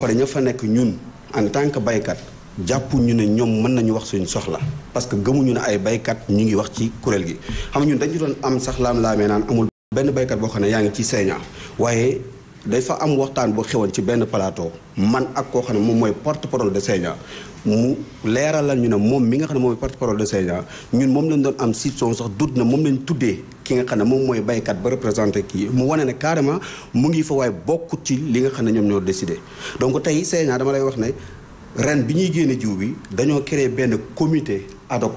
pare ña fa nekk ñun en tant que baykat jàppu ñu ne ñoom mën nañu wax suñu soxla parce que gëmuñu ne ay baykat ñu ngi wax ci kuréel gi xam ñun dañu doon am sax laam-laamee naan amul benn baykat boo xam ne yaa ngi ci seeñaa waaye day dafa am waxtaan bu xewoon ci benn plateau man ak koo xam ne moom mooy porte parole de Sénia mu leeralal ñu ne moom mi nga xam ne moom mooy porte parole de Sénia ñun moom lañ doon am situation sax dut na moom lañ tuddee ki nga xam ne moom mooy baykat ba représenté kii mu wane ne carrément mu ngi fa waaye bokkut ci li nga xam ne ñoom ñoo décidé donc tey Sénia dama lay wax ne ren bi ñuy génne jiw bi dañoo créé benn comité ad hoc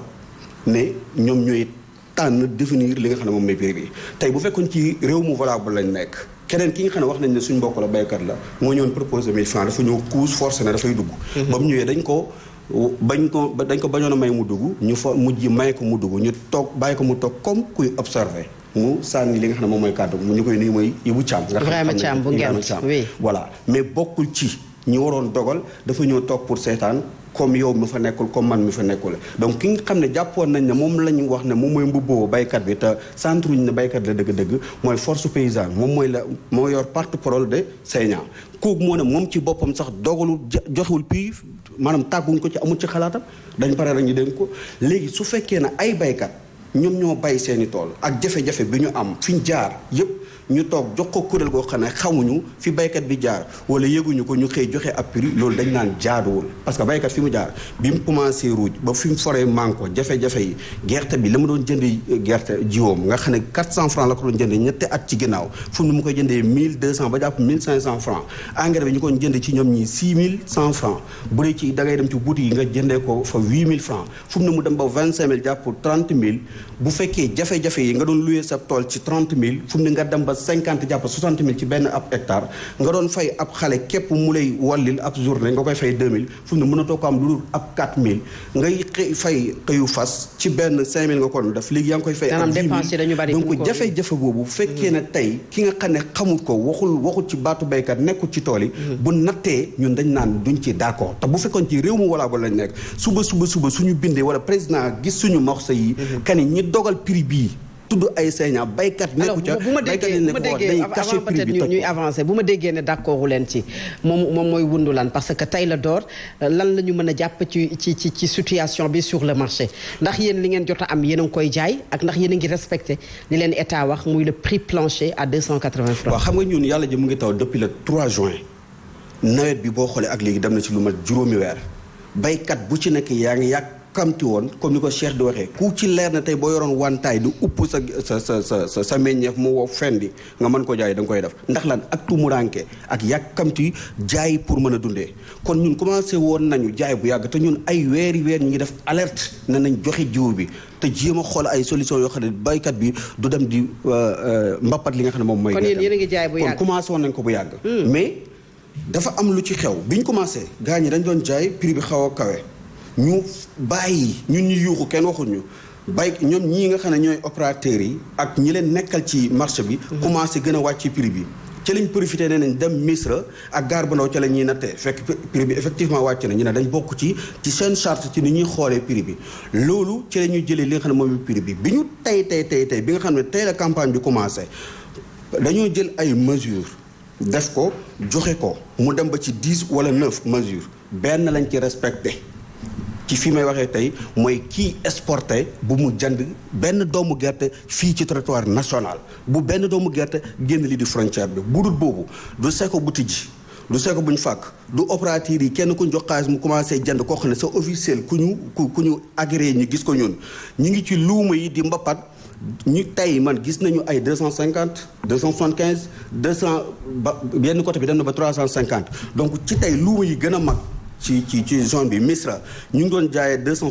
ne ñoom ñooy tànn définir li nga xam ne moom mooy prix bi tey bu fekkoon ci réew mu valable lañ nekk keneen ki nga xam ne wax nañ ne suñ mbokk la béykat la moo ñëwoon proposé mille francs dafa ñëw couche forcé na dafay dugg mhm. ba mu ñëwee dañ ko bañ ko ba dañ ko bañoon a may mu dugg ñu fa mujj may ko mu dugg ñu toog bàyyi ko mu toog kom kuy observé mu sànni li nga xam ne moom mooy kàddu mu ñu koy nii mooy Ibou Thiam nga xam ne Ibrahima Thiam voilà mais bokkul ci ñu waroon dogal dafa ñëw toog pour seetaan comme yow mi fa nekkul comme man mi fa nekkul donc ki nga xam ne jàppoon nañ ne moom lañ wax ne moom mooy mbubboo baykat bi te centre ñu ne baykat la dëgg-dëgg mooy force paysan moom mooy la moo yor porte-parole de Seyna kooku moo ne moom ci boppam sax dogalul joxul pii maanaam tàgguñ ko ci amul ci xalaatam dañ pare rek ñu ko léegi su fekkee ne ay baykat ñoom ñoo bay seeni tool ak jafe-jafe bi ñu am fi ñu jaar yépp ñu toog jox ko kuréel goo xam ne xamuñu fi baykat bi jaar wala yëguñu ko ñu xëy joxe ab prix loolu dañ naan jaaduwul parce que baykat fi mu jaar bi mu commencé ruuj ba fi mu foree manko jafe-jafe yi gerte bi la mu doon jënd gerte jiwoom nga xam ne 400 francs la ko doon jënd ñetti at ci ginnaaw fu mu ko jëndee 1200 ba jàpp 1500 francs engrais bi ñu ko jënd ci ñoom ñi 6100 francs bu dee ci da dem ci boutique yi nga jëndee ko fa 8000 francs fu mu mu dem ba 25000 jàpp 30000 bu fekkee jafe-jafe yi nga doon loué sa tool ci trente mille fu mu ne nga dem ba cinquante jàpp soixante mille ci benn ab hectare nga doon fay ab xale képp mu lay wallil ab journée nga koy fay deux mille fu ko am lu dul ab quatre mille nga ko doon def léegi yaa ngi koy fay ab dix donc jafe-jafe boobu fekkee na tey ki nga xam ne xamul ko waxul ci baatu béykat nekkul ci tool yi mm. bu nattee ñun dañ naan duñ ci d'accord te bu fekkoon ci réew mu walaa ba lañ ñi dogal prix bi tudd ay seenaa baykat nekku ca bu ma déggee bu ma déggee avant peut-être ñuy avancer bu ma déggee ne d'accordu leen ci moom moom mooy wundu lan parce que tey la door lan la ñu mën a jàpp ci ci ci ci situation bi sur le marché ndax yéen li ngeen jot am yéen a ngi koy jaay ak ndax yéen a ngi respecté li leen état wax muy le prix plancher à 280 francs waaw xam nga ñun yàlla ji mu ngi taw depuis le 3 juin nawet bi boo xoolee ak léegi dem na ci lu mat juróomi weer baykat bu ci nekk yaa ngi yàgg xamti woon comme ni ko Cheikh di waxee ku ci leer tey boo yoroon wantaay du upp sa sa sa sa sa sa meññeef mu wow fendi nga mën ko jaay da koy def ndax lan ak tumuranke ak yàkkamti jaay pour mën kon ñun commencé woon nañu jaay bu yàgg te ñun ay weeri weer ñu ngi def alerte na nañ joxe jiw bi te jéem a xool ay solution yoo xam ne baykat bi du dem di euh, euh, mbappat li nga xam ne moom mooy kon yéen a ngi jaay bu yàgg commencé woon nañ ko bu yàgg hmm. mais dafa am lu ci xew ñu commencé gaa ñi dañ doon jaay prix bi xaw a kawe ñu bàyyi ñun ñu yuuxu kenn waxuñu bay ñoom ñii nga xam ne ñooy opérateurs yi ak ñi leen nekkal ci marché bi. Mhm. commencé gën a wàcc prix bi. ci lañ profité ne nañ dem Misra ak gaar bu ndaw ca la ñuy nattee fekk prix bi effectivement wàcc nañu ne dañu bokk ci ci seen charte ci ni ñuy xoolee prix bi loolu ci la jëlee li nga xam ne moom prix bi bi ñu tey tey tey tey bi nga xam ne tey la campagne bi commencé dañoo jël ay mesures def ko joxe ko mu dem ba ci dix wala neuf mesures benn lañ ci respecté. ci may waxee tey mooy kii exporté bu mu jënd benn doomu gerte fii ci territoire national bu benn doomu gerte génn lii di frontière bi bu dul boobu du seko bu tijji du seko bu ñu fàkk du opérateur yi kenn ku ñu mu commencé jënd koo xam ne sa officiel ku ñu ku ku ñu agréé ñu gis ko ñun ñu ngi ci luuma yi di mbappat ñu tey man gis nañu ay 250 275 cent ba benn côté bi dem na ba 350 donc ci tey luuma yi gën a mag ci ci ci zone bi Misra ñu ngi doon jaayee deux cent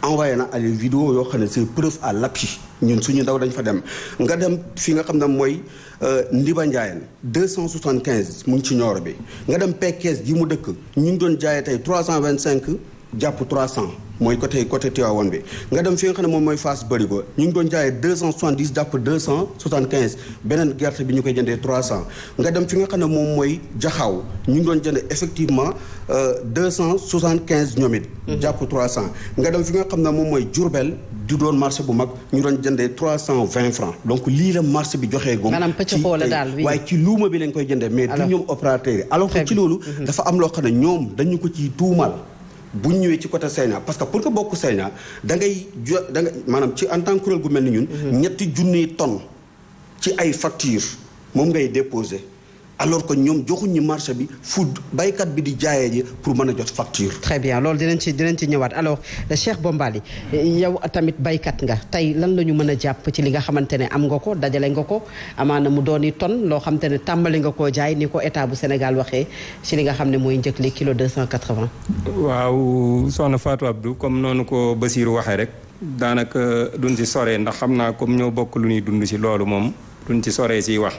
envoyé na ay vidéo yoo xam ne si preuve à l'appui ñun suñu ndaw dañ fa dem nga dem fi nga xam ne mooy euh, Ndiba njaayam deux cent soixante quinze mu ngi ci Nioro bi nga dem Pekes ji mu dëkk ñu ngi doon jaaye tey trois cent vingt cinq. jàpp 300 mooy côté côté Tivaouane bi nga dem fi nga xam ne moom mooy Fass Bërigo ñu ngi doon jaayee 270 jàpp 275 beneen gerte bi ñu koy jëndee 300 nga dem fi nga xam ne moom mooy Jaxaaw ñu ngi doon jëndee effectivement 275 euh, ñoom it. Mhm. jàpp 300 nga dem fi xam ne moom mooy Diourbel du marché bu mag ñu doon jëndee 320 francs donc lii la marché bi joxee gom maanaam pëcc xool la waaye ci luuma bi lañ koy jëndee mais du ñoom opérateur yi alors que ci loolu mhm. dafa am loo xam ne ñoom dañu ko ciy tuumal bu ñëwee ci côté Seyna parce que pour nga bokk Seyna da ngay jo da maanaam ci en tant que kuréel mel ni ñun. Mhm. ñetti junniy tonnes ci ay facture moom ngay déposé. alors que ñoom joxuñu marché bi fu baykat bi di jaayee ji pour mën a jot facture. très bien loolu dinañ ci dinañ ci ñëwaat alors Cheikh Bombali yow tamit baykat nga tey lan la ñu mën a jàpp ci li nga xamante ne am nga ko dajale nga ko amaana mu dooni ton loo xamante ne tàmbali nga koo jaay ni ko état bu Sénégal waxee ci li nga xam ne mooy njëg li kilo 280. waaw soxna Fatou Abdou comme noonu ko Basirou waxee rek daanaka duñ si sore ndax xam naa comme ñëw bokk lu ñuy dund si loolu moom. duñ ci soree siy wax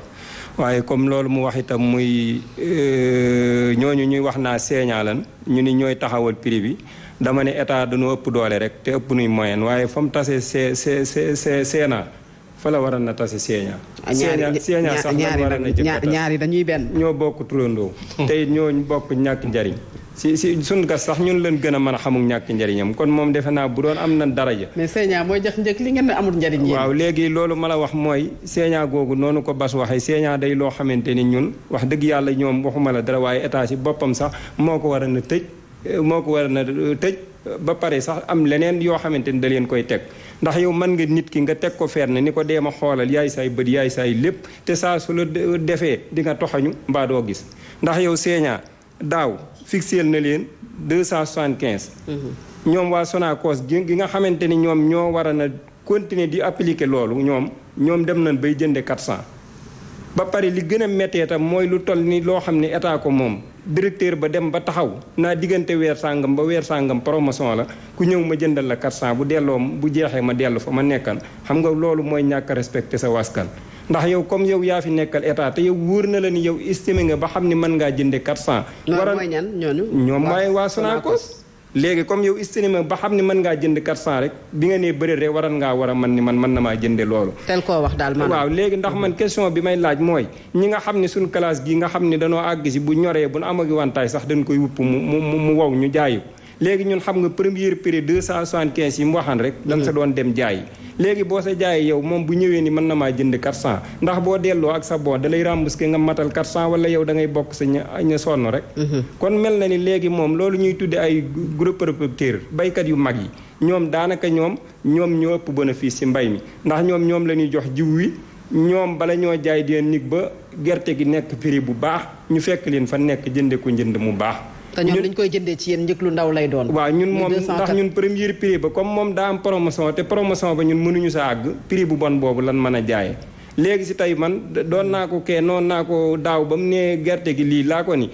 waaye comme loolu mu wax itam muy euh, ñooñu ñuy wax naa seeñaalan ñu ni ñooy taxawal prix bi dama ne état dañoo ëpp doole rek te ëpp nuy moyen waaye fa mu tase see see see seenaa fa la waroon na tase seeñaa ah, seeñaa sax na waroon na jëkkata ñaari dañuy benn ñoo bokk turandoo hmm. te ñooñ bokk ñàkk njariñ si si sunu gas sax ñun leen gën a mën a xamul ñàkk njëriñam kon moom defe naa bu doon am na daraja. mais seeñaa mooy jox njëkk li ngeen ne amul njëriñ yéen. waaw léegi loolu ma la wax mooy seeñaa googu noonu ko bas waxee seeñaa day loo xamante ni ñun wax dëgg yàlla ñoom waxuma la dara waaye état si boppam sax moo ko war a na tëj moo ko war a na tëj ba pare sax am leneen yoo xamante ni da leen koy teg. ndax yow man nga nit ki nga teg ko fenn ni ko dee ma xoolal yaay saay bët yaay saay lépp te saa su la defee di nga toxañu mbaa gis daaw fixé na leen deux cent soixante quinze. Mhm. ñoom waa Sonacos gi gi nga xamante ni ñoom ñoo war a na continuer di appliquer loolu ñoom ñoom dem nañ bay jënde quatre cent. ba pare li gën a méttee tam mooy lu toll ni loo xam ne état ko moom directeur ba dem ba taxaw naa diggante weer sàngam ba weer sàngam promotion la ku ñëw ma jëndal la quatre cent bu delloo bu jeexee ma dellu fa ma nekkan xam nga loolu mooy ñàkk respecté sa waskan ndax yow comme yow yaa fi nekkal état te yow wóor na la ni yow estimé nga ba xam ni mën ngaa jënde 400. waral mooy ñan ñooñu. ñoom mooy waa Sonacos. léegi comme yow estimé ba xam ne mën ngaa jënd 400 rek bi nga nee bëri rek waral ngaa a man ni man mën na maa jënde loolu tel koo wax daal maanaam waaw léegi ndax man question bi may laaj mooy ñi nga xam ne suñ classe gi nga xam ne danoo àgg si bu ñoree bu nu amagi wantaay sax dañ koy wupp mu mu mu wow ñu jaayu léegi ñun xam nga premier prix deux cent soixante quinze yi mu waxaan rek dañ sa doon dem jaay léegi boo sa jaayee yow moom bu ñëwee ni mën na maa jënd quatre cent ndax boo delloo ak sa bon dalay lay rembourser nga matal quatre cent wala yow da bokk sa ña sonn rek mhm. kon mel na ni léegi moom loolu ñuy tudde ay gros producteurs baykat yu mag yi ñoom daanaka ñoom ñoom ñoo ëpp bénéfice ci mbay mi ndax ñoom ñoom la ñuy jox jiw wi ñoom bala ñoo jaay deen nig ba gerte gi nekk prix bu baax ñu fekk leen fa nekk jënde ko njënd mu baax te ñoom dañ koy jëndee ci yéen njëkk lu ndaw lay doon. waa ñun moom ndax ñun premier prix ba comme moom daa am promotion te promotion ba ñun mënuñu sa àgg prix bu bon boobu lan man a jaayee. léegi si tey man doon naa ko kee noonu naa ko daaw ba mu nee gerte gi lii laa ko ni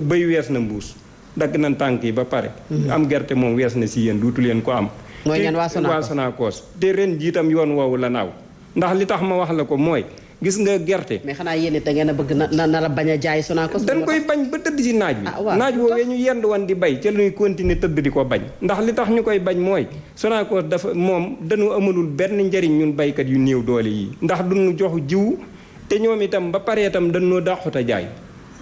béy wees na mbuus dagg nan tànk yi ba pare. Mhm. am gerte moom wees na si yéen duutu leen ko am. mooy ñan waa Sonacos te ren jiitam yoon woowu la naaw ndax li tax ma wax la ko mooy. gis nga gerte. mais xanaa yéen da a bëgg na na la bañ a jaay Sonacos. dañ koy bañ ba tëdd ci naaj wi. Ah, naaj woowee ñu yend woon di bay ca luy continuer tëdd di ko bañ. ndax li tax ñu koy bañ mooy Sonacos dafa moom dañu amalul benn njariñ ñun baykat yu néew doole yi ndax duñu jox jiw te ñoom itam ba pare itam dañoo dàqut a jaay.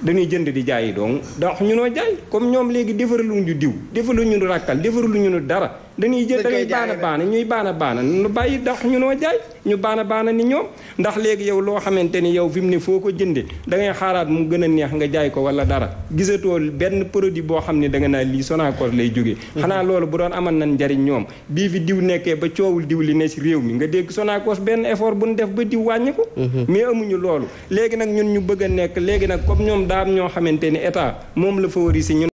dañuy jënd di jaay yi donc daax ñu noo jaay comme ñoom léegi defaral ñu diw defaral ñu rakkal defaral ñu dara dañuy jël dañuy baana baana ñuy baana baana nu bàyyi ndax ñu noo jaay ñu baana baana ni ñoom ndax léegi yow loo xamante ni yow fi mu ne foo ko jënde da ngay xaaraat mu gën a neex nga jaay ko wala dara gisatoo benn produit boo xam ne da nga naa lii Sonacos lay jógee mhm. xanaa loolu bu doon amal nañ njariñ ñoom bii fi diw nekkee ba coowul diw li ne si réew mi nga dégg Sonacos benn effort bu ñu def ba diw wàññi ko mhm. mais amuñu loolu léegi nag ñun ñu bëgg a nekk léegi nag comme ñoom daam ñoo xamante ni état moom la favoriser ñun